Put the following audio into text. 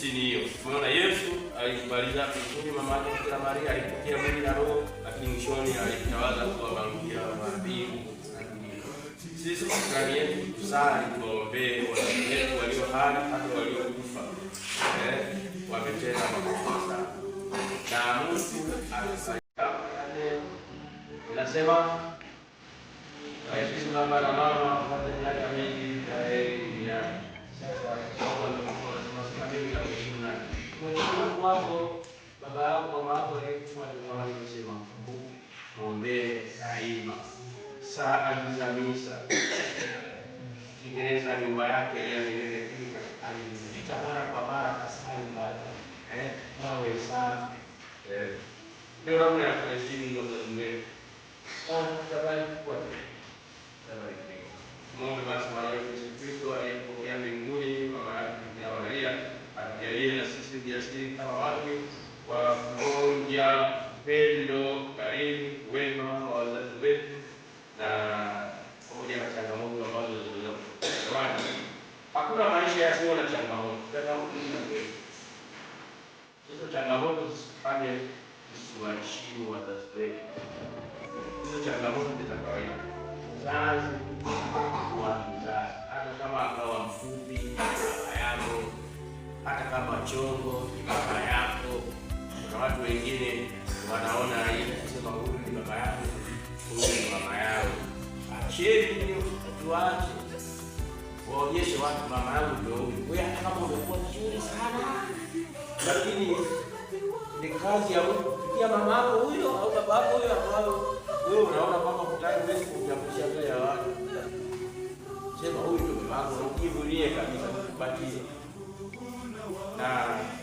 sini hiyo. Tumeona Yesu alikubaliza kuzuri mama yake Bikira Maria alipokea mwili na roho, lakini mwishoni alitawaza kuwa malkia wa mbingu na dunia. Sisi shukrani yetu kusali tuwaombee watu wetu walio hai hata waliokufa. Eh, wametenda makosa sana. Na Mungu anasaidia. Nasema Yesu mama na mama wako baba yako mama yako walivyosema, daima saa za Tengeneza nyumba yake ita mara kwa mara kasali baada, eh, safi eh. ndio namna ya kuheshimu moja pendo, ukarimu, wema wa wazazi wetu na pamoja na changamoto ambazo zinazoana. Hakuna maisha yasiyo na changamoto, changamoto zinakuwepo. Hizo changamoto zisifanye tusiwaheshimu wazazi wetu, hizo changamoto ni za kawaida. Mzazi kuwa mzazi, hata kama akawa mfupi baba yako, hata kama chongo ni baba yako watu wengine wanaona aibu kusema huyu ni baba yake huyu ni mama yao. Acheni hiyo, tuache waonyeshe watu mama yangu ndio huyu. Wewe hata kama umekuwa vizuri sana, lakini ni kazi ya kufikia mama yako huyo au baba yako huyo, ambayo wewe unaona kwamba kutaki wezi kumtambulisha mbele ya watu. Sema huyu ndio baba yako, ujivunie kabisa, kupatie na